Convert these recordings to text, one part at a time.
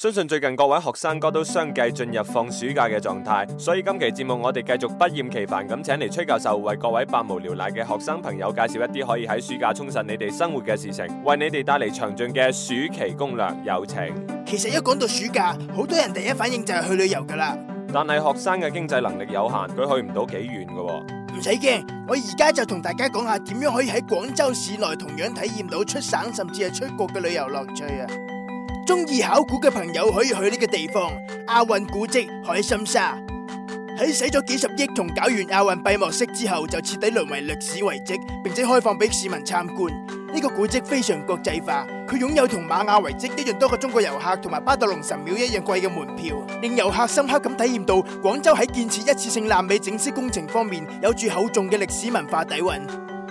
相信最近各位學生哥都相繼進入放暑假嘅狀態，所以今期節目我哋繼續不厭其煩咁請嚟崔教授為各位百無聊賴嘅學生朋友介紹一啲可以喺暑假充實你哋生活嘅事情，為你哋帶嚟詳盡嘅暑期攻略。有請。其實一講到暑假，好多人第一反應就係去旅遊噶啦。但係學生嘅經濟能力有限，佢去唔到幾遠噶。唔使驚，我而家就同大家講下點樣可以喺廣州市內同樣體驗到出省甚至係出國嘅旅遊樂趣啊！中意考古嘅朋友可以去呢個地方——亞運古跡海心沙。喺使咗幾十億同搞完亞運閉幕式之後，就徹底淪為歷史遺跡，並且開放俾市民參觀。呢個古跡非常國際化，佢擁有同瑪雅遺跡一樣多個中國遊客同埋巴特農神廟一樣貴嘅門票，令遊客深刻咁體驗到廣州喺建設一次性爛尾整飾工程方面有住厚重嘅歷史文化底蘊。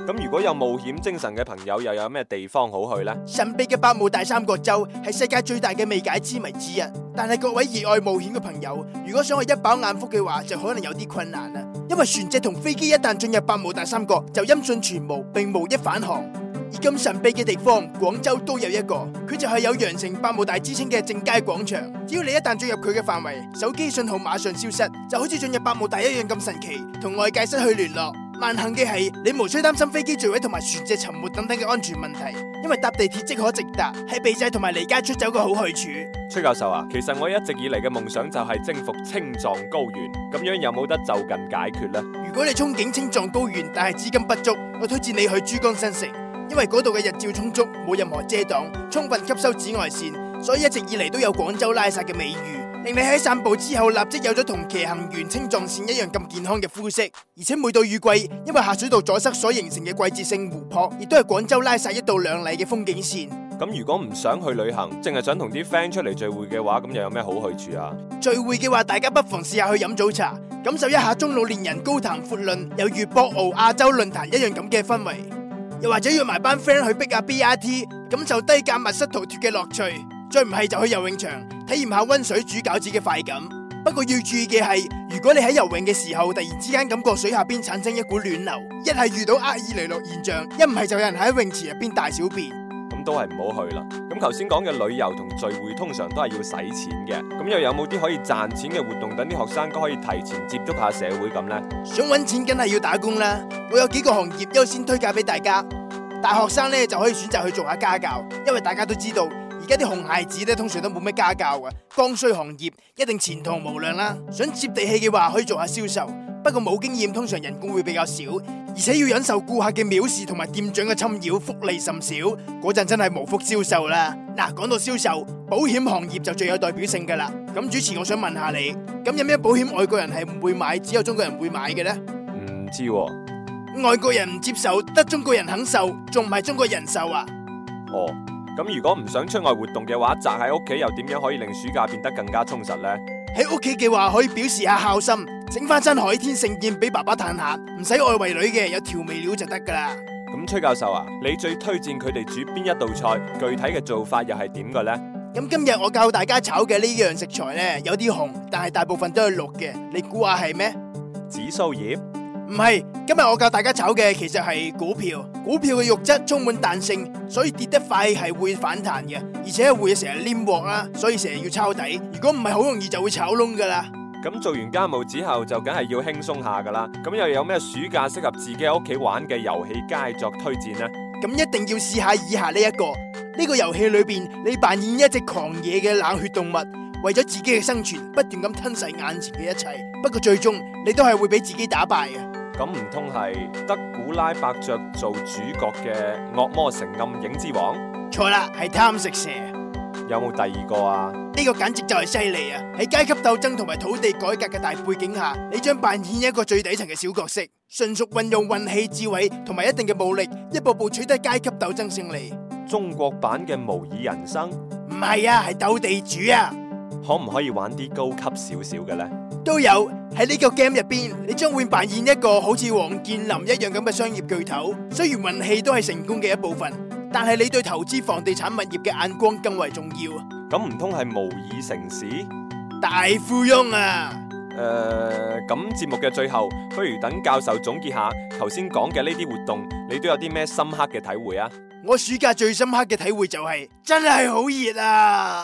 咁如果有冒險精神嘅朋友，又有咩地方好去呢？神秘嘅百慕大三角洲係世界最大嘅未解之謎之一，但係各位熱愛冒險嘅朋友，如果想去一飽眼福嘅話，就可能有啲困難啦。因為船隻同飛機一旦進入百慕大三角，就音訊全無，並無一返航。而咁神秘嘅地方，廣州都有一個，佢就係有羊城百慕大之稱嘅正佳廣場。只要你一旦進入佢嘅範圍，手機信號馬上消失，就好似進入百慕大一樣咁神奇，同外界失去聯絡。萬幸嘅係，你無需擔心飛機墜毀同埋船隻沉沒等等嘅安全問題，因為搭地鐵即可直達，係避債同埋離家出走嘅好去處。崔教授啊，其實我一直以嚟嘅夢想就係征服青藏高原，咁樣有冇得就近解決呢？如果你憧憬青藏高原，但係資金不足，我推薦你去珠江新城，因為嗰度嘅日照充足，冇任何遮擋，充分吸收紫外線，所以一直以嚟都有廣州拉薩嘅美譽。令你喺散步之後立即有咗同騎行完青藏線一樣咁健康嘅膚色，而且每到雨季，因為下水道阻塞所形成嘅季節性湖泊，亦都係廣州拉晒一道靚麗嘅風景線。咁如果唔想去旅行，淨係想同啲 friend 出嚟聚會嘅話，咁又有咩好去處啊？聚會嘅話，大家不妨試下去飲早茶，感受一下中老年人高談闊論，有如博鰲亞洲論壇一樣咁嘅氛圍。又或者約埋班 friend 去逼下 BRT，感受低價密室逃脫嘅樂趣。再唔係就去游泳場。體驗下温水煮餃子嘅快感，不過要注意嘅係，如果你喺游泳嘅時候突然之間感覺水下邊產生一股暖流，一係遇到厄爾尼諾現象，一唔係就有人喺泳池入邊大小便，咁都係唔好去啦。咁頭先講嘅旅遊同聚會通常都係要使錢嘅，咁又有冇啲可以賺錢嘅活動等啲學生都可以提前接觸下社會咁呢？想揾錢，梗係要打工啦。我有幾個行業優先推介俾大家，大學生咧就可以選擇去做下家教，因為大家都知道。而家啲紅孩子咧，通常都冇咩家教噶。剛需行業一定前途無量啦。想接地氣嘅話，可以做下銷售，不過冇經驗，通常人工會比較少，而且要忍受顧客嘅藐視同埋店長嘅侵擾，福利甚少。嗰陣真係無福消受啦。嗱，講到銷售，保險行業就最有代表性噶啦。咁主持，我想問下你，咁有咩保險外國人係唔會買，只有中國人會買嘅呢？唔知，啊、外國人唔接受，得中國人肯受，仲唔係中國人壽啊？哦。咁如果唔想出外活動嘅話，宅喺屋企又點樣可以令暑假變得更加充實呢？喺屋企嘅話，可以表示下孝心，整翻餐海天盛宴俾爸爸嘆下，唔使外圍女嘅，有調味料就得噶啦。咁崔教授啊，你最推薦佢哋煮邊一道菜？具體嘅做法又係點嘅呢？咁今日我教大家炒嘅呢樣食材呢，有啲紅，但係大部分都係綠嘅，你估下係咩？紫蘇葉。唔係，今日我教大家炒嘅其實係股票。股票嘅肉質充滿彈性，所以跌得快係會反彈嘅，而且會成日黏鑊啦，所以成日要抄底。如果唔係好容易就會炒窿噶啦。咁做完家務之後就梗係要輕鬆下噶啦。咁又有咩暑假適合自己喺屋企玩嘅遊戲佳作推薦呢？咁一定要試下以下呢一個，呢個遊戲裏邊你扮演一隻狂野嘅冷血動物。為咗自己嘅生存，不斷咁吞噬眼前嘅一切。不過最終你都係會俾自己打敗嘅。咁唔通係德古拉伯爵做主角嘅《惡魔城暗影之王》？錯啦，係貪食蛇。有冇第二個啊？呢個簡直就係犀利啊！喺階級鬥爭同埋土地改革嘅大背景下，你將扮演一個最底層嘅小角色，迅速運用運氣、智慧同埋一定嘅武力，一步步取得階級鬥爭勝利。中國版嘅模擬人生？唔係啊，係鬥地主啊！可唔可以玩啲高級少少嘅呢？都有喺呢個 game 入邊，你將會扮演一個好似王健林一樣咁嘅商業巨頭。雖然運氣都係成功嘅一部分，但係你對投資房地產物業嘅眼光更為重要。咁唔通係模擬城市大富翁啊？誒，咁節目嘅最後，不如等教授總結下頭先講嘅呢啲活動，你都有啲咩深刻嘅體會啊？我暑假最深刻嘅體會就係真係好熱啊！